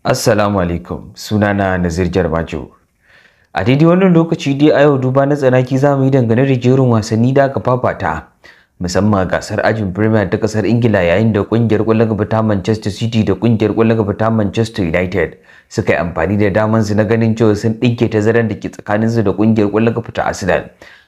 Assalamu alaikum sunana Nazir Jarmajo. A daidai wannan lokaci dai a yau duba na tsanaki za mu yi dangane da jerin wasanni da aka fafata musamman gasar ajin Premier ta kasar Ingila yayin da kungiyar kwallon gaba ta Manchester City da kungiyar kwallon gaba ta Manchester United suka yi amfani da daman su na ganin cewa sun dinke tazaran da ke tsakanin su da kungiyar kwallon gaba ta Arsenal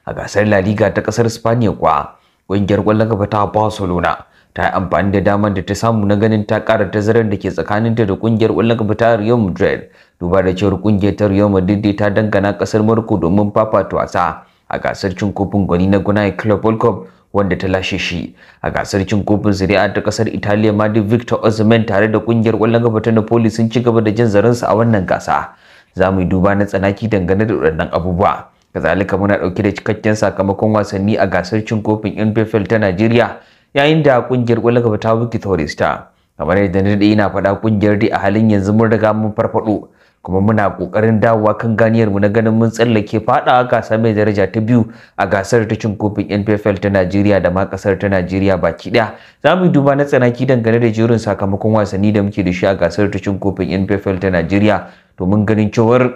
a gasar La Liga ta kasar Spain kwa kungiyar kwallon gaba ta Barcelona ta yi amfani da damar da ta samu na ganin ta ƙara tazarar da ke tsakaninta da kungiyar ƙwallon kafa ta Real Madrid duba da cewar kungiyar ta Real Madrid ta dangana ƙasar Morocco domin fafata wasa a gasar cin kofin gwani na Gunai Club World Cup wanda ta lashe shi a gasar cin kofin Serie ta kasar Italiya ma Victor Osimhen tare da kungiyar ƙwallon kafa ta Napoli sun ci gaba da jin zaransu a wannan gasa za mu yi duba na tsanaki dangane da waɗannan abubuwa kazalika muna ɗauke da cikakken sakamakon wasanni a gasar cin kofin NFL ta Najeriya yayin da kungiyar ƙwallon gaba ta buki ta kamar yadda na daɗe ina faɗa kungiyar dai a halin yanzu mun riga mun farfaɗo kuma muna kokarin dawowa kan ganiyar mu na ganin mun tsallake faɗa gasa mai daraja ta biyu a gasar ta cin kofin NPFL ta Najeriya da ma ƙasar ta Najeriya baki ɗaya za mu yi duba na tsanaki dangane da jerin sakamakon wasanni da muke da shi a gasar ta cin kofin NPFL ta Najeriya domin ganin cewar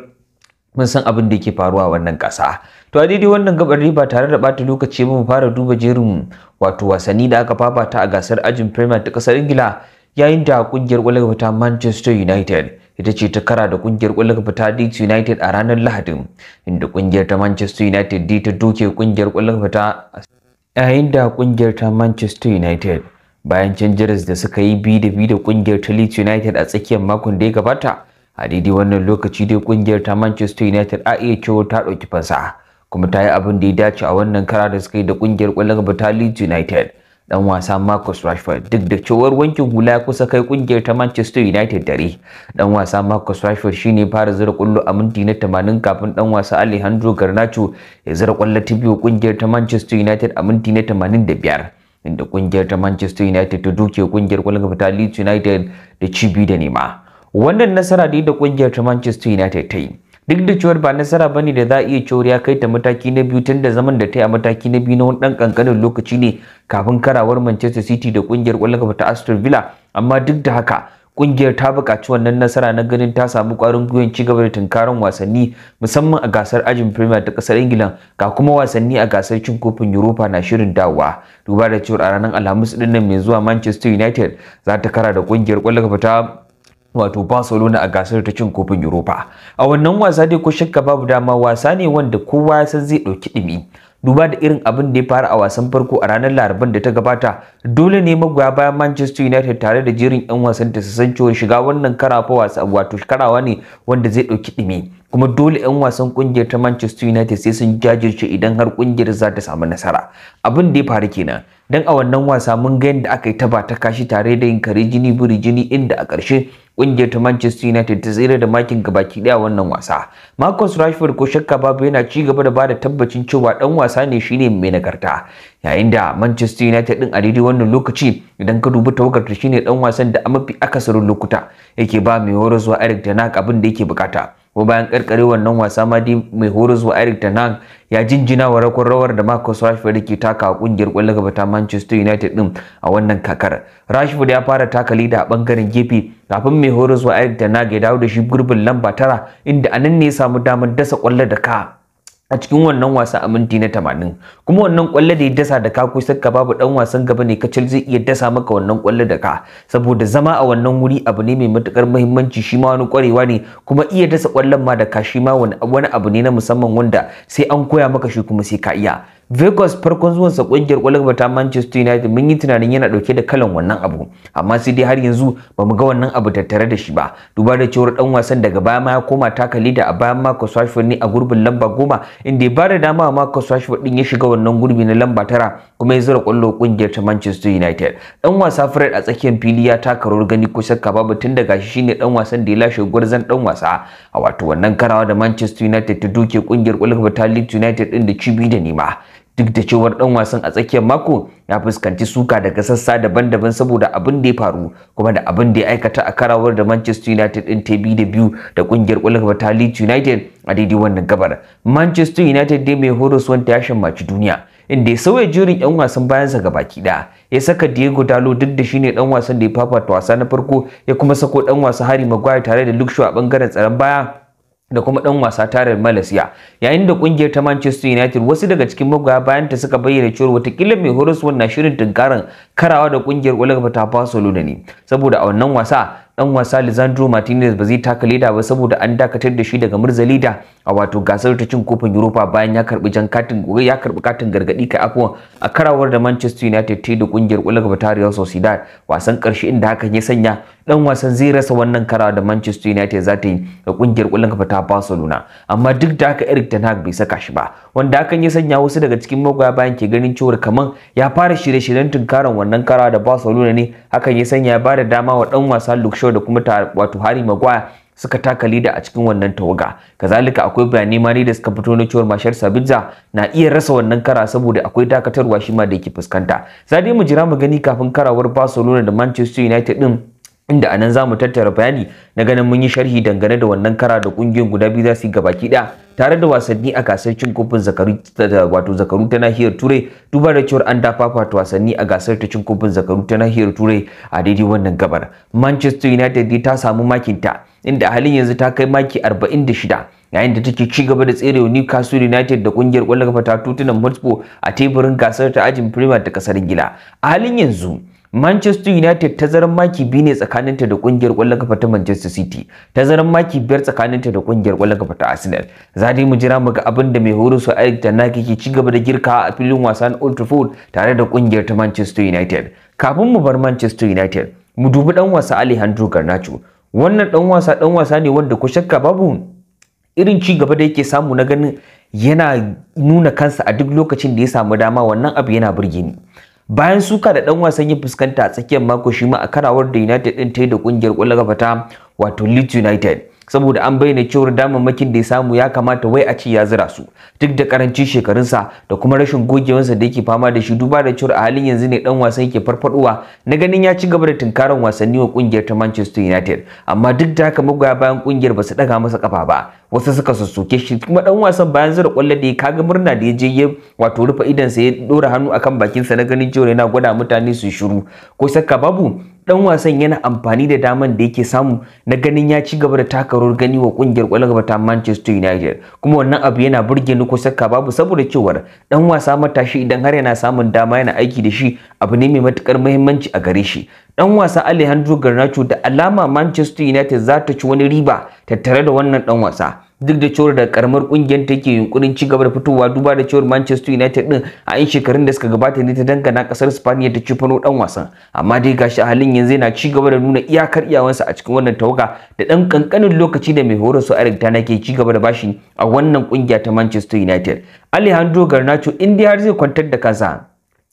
mun san abin da yake faruwa a wannan ƙasa to a wannan gabar ba tare da bata lokaci ba mu fara duba jerin wato wasanni da aka fafata a gasar ajin premier ta ƙasar ingila yayin da kungiyar ƙwallon fita manchester united ita ce ta kara da kungiyar ƙwallon fita leeds united a ranar lahadin inda kungiyar ta manchester united dai ta doke kungiyar ƙwallon fita. yayin da kungiyar ta manchester united bayan canjaras da suka yi bi da bi da kungiyar ta leeds united a tsakiyar makon da ya gabata a daidai wannan lokaci dai kungiyar ta manchester united a iya cewa ta ɗauki fasa kuma ta yi abin da ya dace a wannan kara da suka yi da kungiyar kwallon gaba ta leeds united dan wasa marcus rashford duk da cewar wankin hula ya kusa kai kungiyar ta manchester united dare dan wasa marcus rashford shine fara zira kullo a minti na 80 kafin dan wasa alejandro garnacho ya zira kwallo ta biyu kungiyar ta manchester united a minti na 85 inda kungiyar ta manchester united ta duke kungiyar kwallon gaba ta leeds united da cibi da nema wannan nasara da da kungiyar ta Manchester United ta yi duk da cewar ba nasara bane da za a iya cewar ya kai ta mataki na biyu tun da zaman da ta yi a mataki na biyu na wani dan kankanin lokaci ne kafin karawar Manchester City da kungiyar kwallon kafa ta Aston Villa amma duk da haka kungiyar ta buƙaci wannan nasara na ganin ta samu ƙwarin gwiwar ci gaba da tunkarin wasanni musamman a gasar ajin Premier ta ƙasar Ingila ga kuma wasanni a gasar cin kofin Europa na shirin dawowa duba da cewar a ranar Alhamis ɗin nan mai zuwa Manchester United za ta kara da kungiyar kwallon kafa ta wato Barcelona a gasar ta cin kofin Europa. A wannan wasa dai ko shakka babu dama wasa ne wanda kowa ya san zai ɗauki ɗimi. Duba da irin abin da ya faru a wasan farko a ranar Laraban da ta gabata, dole ne magoya bayan Manchester United tare da jerin 'yan wasan da su san cewa shiga wannan karawa wasa wato karawa ne wanda zai ɗauki ɗimi. kuma dole 'yan wasan kungiyar ta Manchester United sai sun jajirce idan har kungiyar za ta samu nasara abin da ya faru kenan dan a wannan wasa mun ga yadda aka yi ta ta kashi tare da yin kare jini buri jini inda a ƙarshe kungiyar ta Manchester United ta tsira da makin gabaki daya wannan wasa Marcus Rashford ko shakka babu yana ci gaba da bada tabbacin cewa dan wasa ne shine mai nagarta yayin da Manchester United din a daidai wannan lokaci idan ka dubi tawagar ta shine dan wasan da a mafi akasarin lokuta yake ba mai horo zuwa Eric Ten Hag abin da yake bukata ko bayan karkare wannan wasa madi mai horus wa Eric Ten ya jinjina wa rakon rawar da Marcus Rashford ke taka a kungiyar kwallon gaba ta Manchester United din a wannan kakar. Rashford ya fara taka leda a bangaren gefe kafin mai horus wa Eric Ten ya dawo da shi gurbin lamba tara inda anan ne ya samu damar dasa kwallo da ka a cikin wannan wasa a minti na 80 kuma wannan kwallo da ya dasa da ka ko sakka babu dan wasan gaba ne kacal zai iya dasa maka wannan kwallo da ka saboda zama a wannan wuri abu ne mai matukar muhimmanci shi ma wani kwarewa ne kuma iya dasa kwallon ma da ka shi ma wani abu ne na musamman wanda sai an koya maka shi kuma sai ka iya Vegas farkon zuwan sa kungiyar kwallon ta Manchester United mun yi tunanin yana dauke da kalan wannan abu amma sai dai har yanzu ba mu ga wannan abu tattare da shi ba duba da cewar dan wasan daga baya ma ya koma takali da a bayan Marcus Rashford ne a gurbin lamba goma inda ya bada dama dama Marcus Rashford din ya shiga wannan gurbi na lamba tara kuma ya zura kwallo kungiyar ta Manchester United dan wasa Fred a tsakiyar fili ya taka rawar gani ko shakka babu tun daga shi shine dan wasan da ya lashe gwarzan dan wasa a wato wannan karawa da Manchester United ta duke kungiyar kwallon ta Leeds United din da cibi da nema duk da cewar dan wasan a tsakiyar mako ya fuskanci suka daga sassa daban-daban saboda abin da ya faru kuma da abin da ya aikata a karawar da Manchester United din ta bi da biyu da kungiyar kwallon ta Leeds United a daidai wannan gabar Manchester United dai mai horos wanda ya shammaci duniya inda ya sauya jirin 'yan wasan bayansa ga baki ɗaya ya saka Diego Dalo duk da shine dan wasan da ya fafata wasa na farko ya kuma sako dan wasa Harry Maguire tare da Luke Shaw a bangaren tsaron baya da kuma ɗan wasa tarin Malaysia yayin da kungiyar ta Manchester United wasu daga cikin magoya bayan ta suka bayyana cewa watakila mai horas na shirin tunkarin karawa da kungiyar Olga ta Barcelona ne saboda a wannan wasa dan wasa Lisandro Martinez ba zai taka leda ba saboda an dakatar da shi daga Mirza da? a wato gasar ta cin kofin Europa bayan ya karbi jan katin ya karbi katin gargadi kai afwan a karawar da Manchester United ta da kungiyar Olga ta Real Sociedad wasan karshe inda hakan ya sanya dan wasan zai rasa wannan kara da Manchester United za ta yi ga kungiyar kullun kafa ta Barcelona amma duk da haka Erik ten Hag bai saka shi ba wanda hakan ya sanya wasu daga cikin magoya bayan ke ganin cewa kaman ya fara shirye-shiryen tunkaran wannan kara da Barcelona ne hakan ya sanya ya bada dama wa dan wasa Luke Shaw da kuma wato Harry Maguire suka taka lida a cikin wannan tawaga kazalika akwai bayanai ma da suka fito na cewa mashar sabitza na iya rasa wannan kara saboda akwai dakatarwa shi ma da yake fuskanta za dai mu jira mu gani kafin karawar barcelona da manchester united din inda anan za mu tattara bayani na ganin mun yi sharhi dangane da wannan kara da kungiyoyin guda biyu za su yi gabaki daya tare da wasanni a gasar cin kofin zakaru wato zakaru ta nahiyar turai duba da cewar an dafafata wasanni a gasar ta cin kofin zakaru ta nahiyar turai a daidai wannan gabar manchester united dai ta samu makinta inda halin yanzu ta kai maki 46 yayin da take ci gaba da tserewa Newcastle United da kungiyar kwallon kafa ta Tottenham Hotspur a teburin gasar ta ajin Premier ta kasar Ingila a halin yanzu Manchester United ta zaran maki biyu ne tsakaninta da kungiyar ƙwallon kafa ta Manchester City, zaran maki biyar tsakaninta da kungiyar ƙwallon kafa ta Arsenal. Za dai mu jira mu ga abin da mai horo su Eric Ten Hag yake ci gaba da girka a filin wasan Old Trafford tare da kungiyar ta Manchester United. Kafin mu bar Manchester United, mu dubi dan wasa Alejandro Garnacho. Wannan dan wasa dan wasa ne wanda ko shakka babu irin ci gaba da yake samu na ganin yana nuna kansa a duk lokacin da ya samu dama wannan abu yana burge ni. bayan suka da dan wasan yin fuskanta a tsakiyar mako shi ma a karawar da United din ta yi da kungiyar kwallon kafa ta wato Leeds United saboda an bayyana cewar damammakin da ya samu ya kamata wai a ce ya zira su duk da karancin shekarunsa da kuma rashin gogewansa da yake fama da shi duba da cewar a halin yanzu ne dan wasan yake farfaduwa na ganin ya ci gaba da tunkaran wasanni wa kungiyar ta Manchester United amma duk da haka magoya bayan kungiyar ba su daga masa kafa ba wasu suka sassoke shi kuma dan wasan bayan zira kwallo da ya kaga murna da ya je ya wato rufe idan sa ya dora hannu akan bakinsa na ganin cewar yana gwada mutane su shiru ko saka babu dan wasan yana amfani da daman da yake samu na ganin ya ci gaba da taka gani wa kungiyar kwallon gaba ta Manchester United kuma wannan abu yana burge ni ko saka babu saboda cewar dan wasa matashi idan har yana samun dama yana aiki da shi abu ne mai matukar muhimmanci a gare shi dan wasa Alejandro Garnacho da alama Manchester United za ta ci wani riba tattare da wannan dan wasa duk da cewar da karamar kungiyar take yunkurin ci gaba da fitowa duba da cewar Manchester United din a yan shekarun da suka gabata ne ta dangana kasar Spaniya ta ci fano dan wasan amma dai gashi a halin yanzu yana ci gaba da nuna iyakar iyawansa a cikin wannan tawaga da dan kankanin lokaci da mai horar su Eric Tana ke ci gaba da bashi a wannan kungiya ta Manchester United Alejandro Garnacho in har zai kwantar da kansa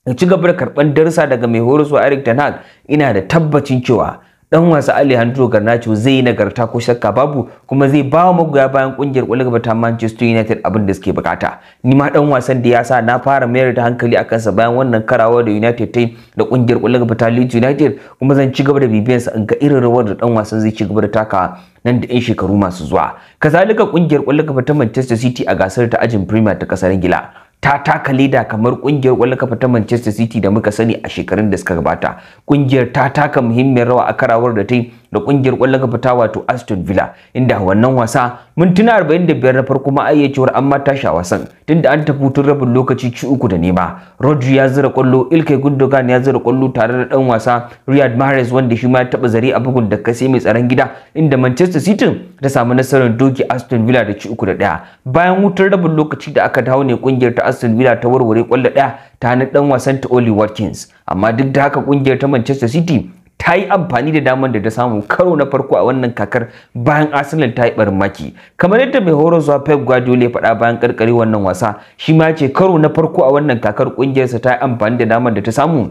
in ci gaba da karɓar darsa daga mai horaswa Eric Ten Hag ina da tabbacin cewa dan wasa Alejandro Garnacho zai nagarta ko shakka babu kuma zai ba wa magoya bayan kungiyar kwallon gaba ta Manchester United abin da suke bukata ni ma dan wasan da ya sa na fara mayar da hankali akan sa bayan wannan karawa da United ta da kungiyar kwallon gaba ta Leeds United kuma zan ci gaba da bibiyar sa in ga irin rawar da dan wasan zai ci gaba da takawa nan da 'yan shekaru masu zuwa kazalika kungiyar kwallon gaba ta Manchester City a gasar ta ajin Premier ta kasar Ingila ta taka leda kamar kungiyar kwallon kafa ta Manchester City da muka sani a shekarun da suka gabata kungiyar ta taka muhimmiyar rawa a karawar da ta da kungiyar kwallon kafa ta wato Aston Villa inda wannan wasa mintuna 45 na farko ma ayyacewar an mata sha wasan tunda an tafi tun rabin lokaci ci uku da nema Rodri ya zira kwallo Ilkay Gundogan ya zira kwallo tare da dan wasa Riyad Mahrez wanda shi ma ya taba zare a bugun da kase mai tsaron gida inda Manchester City ta samu nasarar doki Aston Villa da ci uku da daya bayan wutar rabin lokaci da aka dawo ne kungiyar ta Aston Villa ta warware kwallo daya ta na dan wasan ta Oli Watkins amma duk da haka kungiyar ta Manchester City ta yi amfani da damar da ta samu karo na farko a wannan kakar bayan Arsenal ta yi barmaki kamar yadda mai horo zuwa Pep Guardiola ya faɗa bayan karkare wannan wasa shi ma ce karo na farko a wannan kakar ƙungiyarsa ta yi amfani da damar da ta samu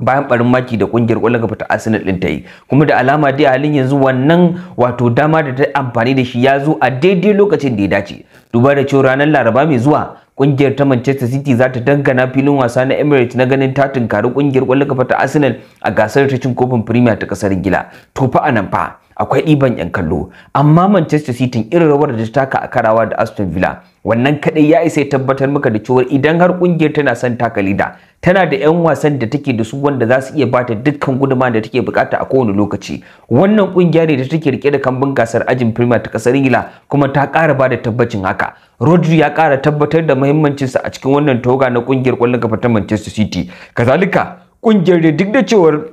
bayan barin maki da kungiyar kwallon kafa ta Arsenal din ta yi kuma da alama dai halin yanzu wannan wato dama da ta amfani da shi ya zo a daidai lokacin da ya dace duba da cewa ranar Laraba mai zuwa kungiyar ta Manchester City za ta dangana filin wasa na Emirates na ganin ta tunkari kungiyar kwallon kafa ta Arsenal a gasar ta cin kofin Premier ta kasar Ingila to fa anan fa akwai ɗiban 'yan kallo amma Manchester City irin rawar da ta taka a karawa da Aston Villa wannan kaɗai ya isa tabbatar maka da cewa idan har kungiyar tana son taka lida tana da 'yan wasan da take da su wanda za su iya bata dukkan guduma da take bukata a kowane lokaci wannan kungiya ne da take rike da kambun gasar ajin firma ta kasar ingila kuma ta ƙara bada tabbacin haka rodri ya ƙara tabbatar da muhimmancinsa a cikin wannan toga na kungiyar kwallon kafa ta manchester city kazalika kungiyar da duk da cewar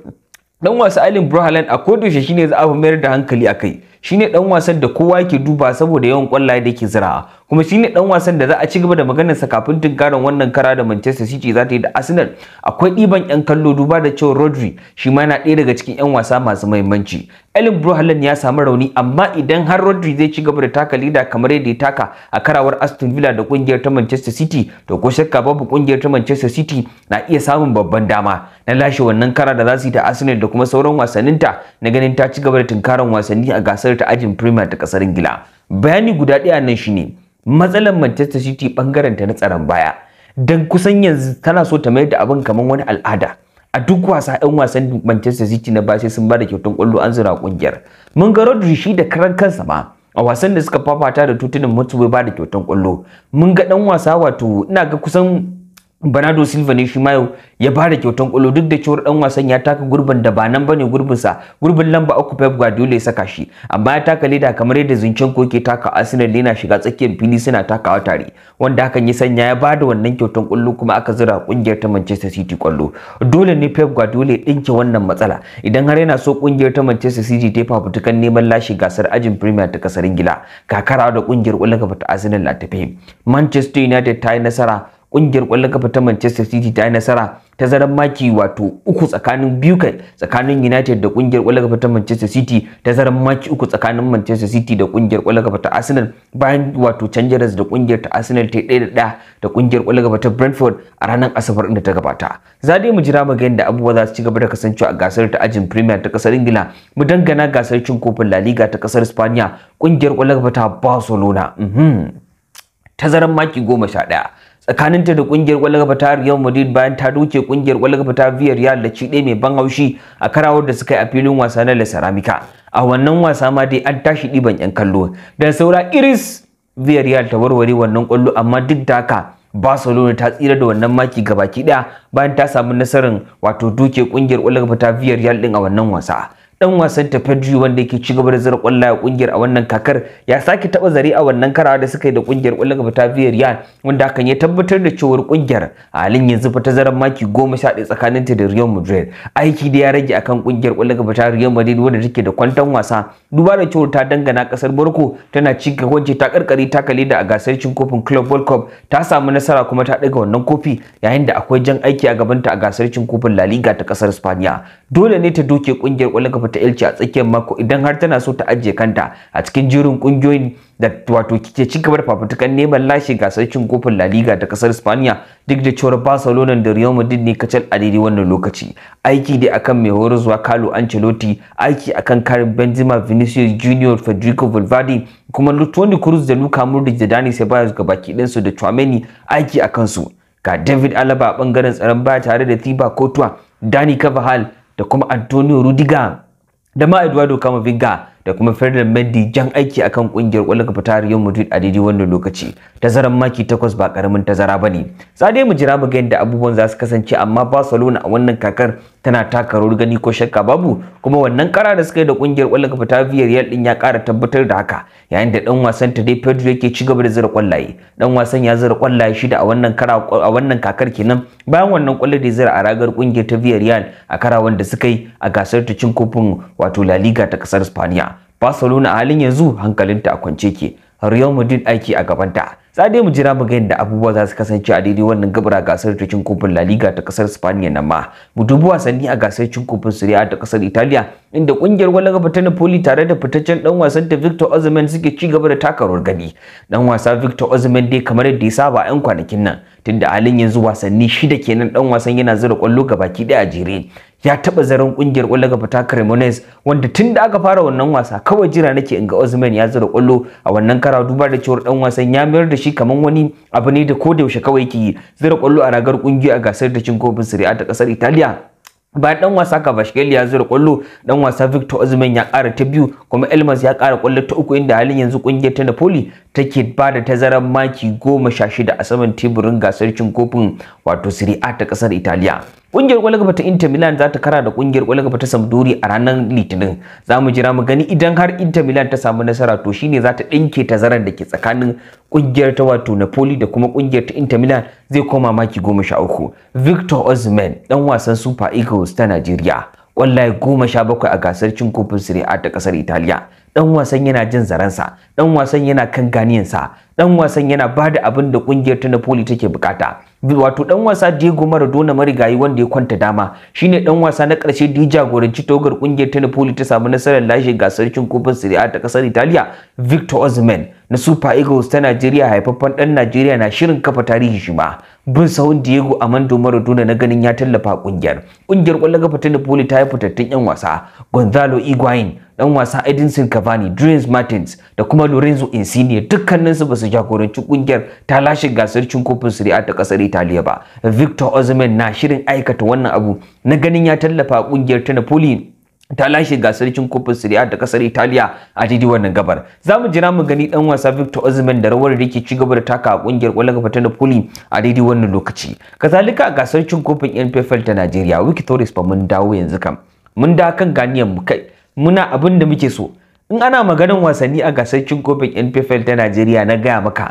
dan wasu Alin Brohaland a shi shine za a mayar da hankali a kai shine dan wasan da kowa yake duba saboda yawan kwallaye da yake zira kuma shine dan wasan da za a ci gaba da maganar sa kafin tunkarin wannan kara da Manchester City za ta yi da Arsenal akwai diban yan kallo duba da cewa Rodri shi ma yana ɗaya daga cikin yan wasa masu muhimmanci Erling Haaland ya samu rauni amma idan har Rodri zai ci gaba da taka leader kamar yadda ya taka a karawar Aston Villa da kungiyar ta Manchester City to ko shakka babu kungiyar ta Manchester City na iya samun babban dama na lashe wannan kara da za su yi ta Arsenal da kuma sauran wasanninta na ganin ta ci gaba da tunkarin wasanni a gasar gasar ta ajin Premier ta kasar Ingila. Bayani guda ɗaya nan shine matsalar Manchester City bangaren ta na tsaron baya. Dan kusan yanzu tana so ta mayar da abin kamar wani al'ada. A duk wasa 'yan wasan Manchester City na baya sun bada kyautan kwallo an zira kungiyar. Mun ga Rodri shi da karan kansa ma a wasan da suka fafata da tutunin mutu bada kyautan kwallo. Mun ga dan wasa wato ina ga kusan Bernardo Silva ne shi mayo ya bada kyautan kwallo duk da cewar dan wasan ya taka gurbin da ba nan bane gurbin sa gurbin lamba uku Pep Guardiola ya saka shi amma ya taka leda kamar yadda Zinchenko ke taka Arsenal yana shiga tsakiyar fili suna takawa tare wanda hakan ya sanya ya bada wannan kyautan kwallo kuma aka zira kungiyar ta Manchester City kwallo dole ne Pep Guardiola ya dinke wannan matsala idan har yana so kungiyar ta Manchester City ta fafutukan neman lashe gasar ajin Premier ta kasar Ingila kakara da kungiyar kwallon ga ta Arsenal ta tafe Manchester United ta yi nasara kungiyar kwallon kafa ta Manchester City ta yi nasara ta zaran maki wato uku tsakanin biyu kai tsakanin United da kungiyar kwallon kafa ta Manchester City ta zaran maki uku tsakanin Manchester City da kungiyar kwallon kafa ta Arsenal bayan wato canjaras da kungiyar ta Arsenal ta ɗaya da ɗaya da kungiyar kwallon kafa ta Brentford a ranar Asabar inda ta gabata. Za dai mu jira mu ga yadda abubuwa za su ci gaba da kasancewa a gasar ta ajin Premier ta kasar Ingila mu dangana gasar cin kofin La Liga ta kasar Spain kungiyar kwallon kafa ta Barcelona. Uhm. Tazaran maki goma sha daya tsakaninta da kungiyar kwallon kafa ta Real Madrid bayan ta doke kungiyar kwallon kafa ta Villarreal da ci ɗaya mai ban haushi a karawar da suka yi a filin wasa na La Ceramica. A wannan wasa ma dai an tashi ɗiban 'yan kallo. Da saura Iris Villarreal ta warware wannan kwallo amma duk da haka Barcelona ta tsira da wannan maki gabaki ɗaya bayan ta samu nasarar wato duke kungiyar kwallon kafa ta Villarreal ɗin a wannan wasa. dan wasan Tafadri wanda yake ci gaba da zira kwallaye kungiyar a wannan kakar ya sake taba zari a wannan karawa da suka yi da kungiyar kwallon gaba ta Villarreal wanda hakan ya tabbatar da cewar kungiyar halin yanzu fa zaren maki 11 tsakanin ta da Real Madrid aiki da ya rage akan kungiyar kwallon gaba ta Real Madrid wanda take da kwantan wasa duba da cewar ta dangana kasar barko tana ci gaba ta karkare kale da a gasar cin kofin Club World Cup ta samu nasara kuma ta daga wannan kofi yayin da akwai jan aiki a gabanta a gasar cin kofin La Liga ta kasar Spain dole ne ta doke kungiyar kwallon wata ilci a tsakiyar mako idan har tana so ta ajiye kanta a cikin jirin ƙungiyoyin da wato ke ci gaba da fafutukan neman lashe gasar cin kofin La Liga ta kasar Spaniya duk da cewar Barcelona da Real Madrid ne kacal a daidai wannan lokaci aiki dai akan mai zuwa Carlo Ancelotti aiki akan Karim Benzema Vinicius Junior Federico Valverde kuma Toni Kroos da Luka Modric da Dani Ceballos gabaki ɗinsu da Tchouameni aiki akan su ga David Alaba a bangaren tsaron baya tare da Thibaut Courtois, Dani Carvajal da kuma Antonio Rudiger. da ma Eduardo Camavinga da kuma Ferdinand Mendy jan aiki akan kungiyar kwallon kafa ta Real Madrid a daidai wannan lokaci. Tazaran maki takwas ba karamin tazara bane. Za dai mu jira mu ga yadda abubuwan za su kasance amma Barcelona a wannan kakar tana taka rawar gani ko shakka babu kuma wannan kara da suka yi da kungiyar kwallon kafa ta Villarreal din ya kara tabbatar da haka yayin da dan wasan ta dai Pedro yake ci gaba da zira kwallaye. Dan wasan ya zura kwallaye shida a wannan kara a wannan kakar kenan bayan wannan kwallo da zura a ragar kungiyar ta Villarreal a karawan da suka yi a gasar ta cin kofin wato La Liga ta kasar Spaniya. Barcelona a halin yanzu hankalinta a kwance ke Real Madrid aiki a gabanta za dai mu jira mu ga yadda abubuwa za su kasance a daidai wannan gabara gasar ta cin kofin La Liga ta kasar Spain nan ma mu dubi wasanni a gasar cin kofin Serie A ta kasar Italiya inda kungiyar wala gaba ta Napoli tare da fitaccen dan wasan ta Victor Osimhen suke ci gaba da taka rawar gani dan wasa Victor Osimhen dai kamar yadda ya saba yan kwanakin nan tunda halin yanzu wasanni shida kenan dan wasan yana zura kwallo ki daya a jere ya taba zaron kungiyar kwallo ga Fata Cremonese wanda tun da aka fara wannan wasa kawai jira nake in ga Osman ya zura kwallo a wannan kara duba da cewar dan wasan ya mayar da shi kaman wani abu ne da ko da yaushe kawai yake yi zura kwallo a ragar kungiya a gasar da cin kofin Serie A ta kasar Italiya bayan dan wasa Kavashkeli ya zura kwallo dan wasa Victor osman ya kara ta biyu kuma Elmas ya kara kwallo ta uku inda halin yanzu kungiyar ta Napoli take ba da tazarar maki goma sha shida a saman teburin gasar cin kofin wato Serie A ta kasar Italiya. Kungiyar ƙwallon gaba ta Inter Milan za ta kara da kungiyar ƙwallon gaba ta Sampdoria a ranar Litinin. Za mu jira mu gani idan har Inter Milan ta samu nasara to shine za ta ɗinke tazarar da ke tsakanin kungiyar ta wato Napoli da kuma kungiyar ta Inter Milan zai koma maki goma sha uku. Victor Osimhen dan wasan Super Eagles ta Najeriya. Wallahi goma sha bakwai a gasar cin kofin Serie A ta kasar Italiya. dan wasan yana jin zaransa Ɗan wasan yana kan ganiyansa dan wasan yana bada abin da ƙungiyar ta Napoli take bukata wato ɗan wasa Diego Maradona marigayi wanda ya kwanta dama shine ɗan wasa na ƙarshe da ya jagoranci togar ƙungiyar ta Napoli ta samu nasarar lashe gasar cin kofin Serie A ta kasar Italiya Victor Osimhen na Super Eagles ta Najeriya haifaffen ɗan Najeriya na shirin kafa tarihi shi ma bin sahun Diego Amando Maradona na ganin ya tallafa ƙungiyar. Ƙungiyar kwallon kafa ta Napoli ta yi fitattun yan wasa Gonzalo Higuain dan wasa Edinson Cavani, Dries Martins da kuma Lorenzo Insigne dukkanin su basu jagoranci kungiyar ta lashe gasar cin kofin Serie ta kasar Italiya ba. Victor Osimhen na shirin aikata wannan abu na ganin ya tallafa kungiyar ta Napoli ta lashe gasar cin kofin Serie da kasar Italiya a daidai wannan gabar. Za mu jira mu gani dan wasa Victor Osimhen da rawar da yake ci gaba da taka a kungiyar kwallon kafa ta Napoli a daidai wannan lokaci. Kazalika a gasar cin kofin NPFL ta Najeriya, Wiki Torres mun dawo yanzu kam. Mun da kan ganiyan mu kai muna abin da muke so in ana maganin wasanni a gasar cin kofin NPFL ta Najeriya na gaya maka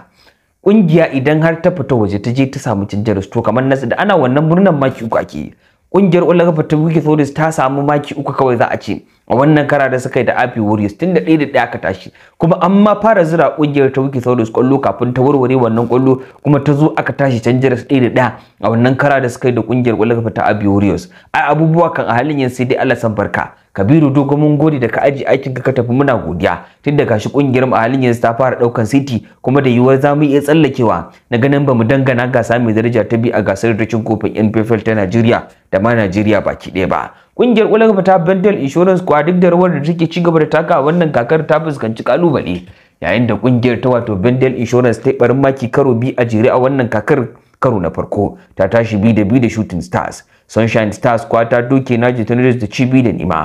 kungiya idan har ta fita waje ta je ta samu Rangers to kamar nasu da ana wannan murnan maki uku ake kungiyar Olga Fatah Wiki ta samu maki uku kawai za a ce a wannan kara da suka yi da api Warriors tun da ɗaya da ɗaya aka tashi kuma an ma fara zira ƙungiyar ta Wiki Saudis ƙwallo kafin ta warware wannan ƙwallo kuma ta zo aka tashi can jiras ɗaya da ɗaya a wannan kara da suka yi da ƙungiyar ƙwallon ta Abi Warriors ai abubuwa kan a halin yanzu sai dai Allah san barka Kabiru dogo mun gode da ka aji aikin ka tafi muna godiya tun da gashi kungiyar mu a halin yanzu ta fara daukan City kuma da yiwuwar zamu iya tsallakewa na ganin bamu dangana gasa mai daraja ta bi a gasar da cin kofin NPFL ta Najeriya da ma Najeriya baki ɗaya ba Kungiyar ulaga ta Bendel Insurance kuwa duk da rawar da take ci gaba da taka wannan kakar ta fuskanci kalubale yayin da kungiyar ta wato Bendel Insurance ta barin maki karo bi a jere a wannan kakar karo na farko ta tashi bi da bi da Shooting Stars Sunshine Stars kuwa ta doke naji Tornadoes da ci bi da nima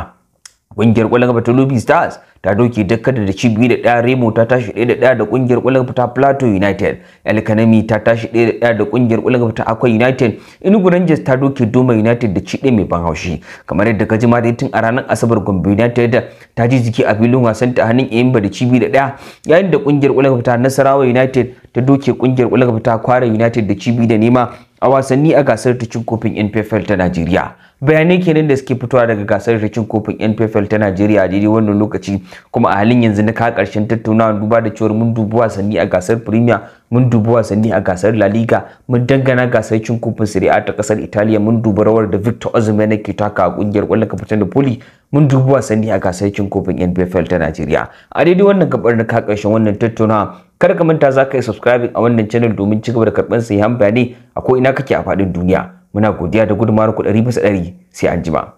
kungiyar kwallon kafa ta Lobby Stars ta doke dakkada da cibiyar da ɗaya Remo ta tashi ɗaya da ɗaya da ƙungiyar kwallon kafa ta Plateau United. El Kanami ta tashi ɗaya da ɗaya da ƙungiyar kwallon kafa ta Akwa United. Enugu Rangers ta doke Doma United da ci ɗaya mai ban haushi. Kamar yadda ka jima dai tun a ranar Asabar Gombe United ta ji jiki a filin wasan ta hannun Enyimba da cibiyar da ɗaya yayin da ƙungiyar kwallon kafa ta Nasarawa United ta doke ƙungiyar kwallon kafa ta Kwara United da cibiyar da nema a wasanni a gasar ta cin kofin NPFL ta Najeriya. Bayanai kenan da suke fitowa daga gasar ta cin kofin NPFL ta Najeriya daidai wannan lokaci kuma a halin yanzu na ka karshen tattaunawa duba da cewar mun dubi wasanni a gasar Premier, mun dubi wasanni a gasar La Liga, mun dangana gasar cin kofin Serie A ta kasar Italiya, mun dubi rawar da Victor Osimhen yake taka a kungiyar kwallon kafa da Poli, mun dubi wasanni a gasar cin kofin NPFL ta Najeriya. A daidai wannan gabar na ka karshen wannan tattaunawa kar ka manta za ka yi subscribing a wannan channel domin ci gaba da karɓar sahihan bayanai a ko ina kake a faɗin duniya muna godiya da gudumar ku ɗari bisa ɗari sai anjima.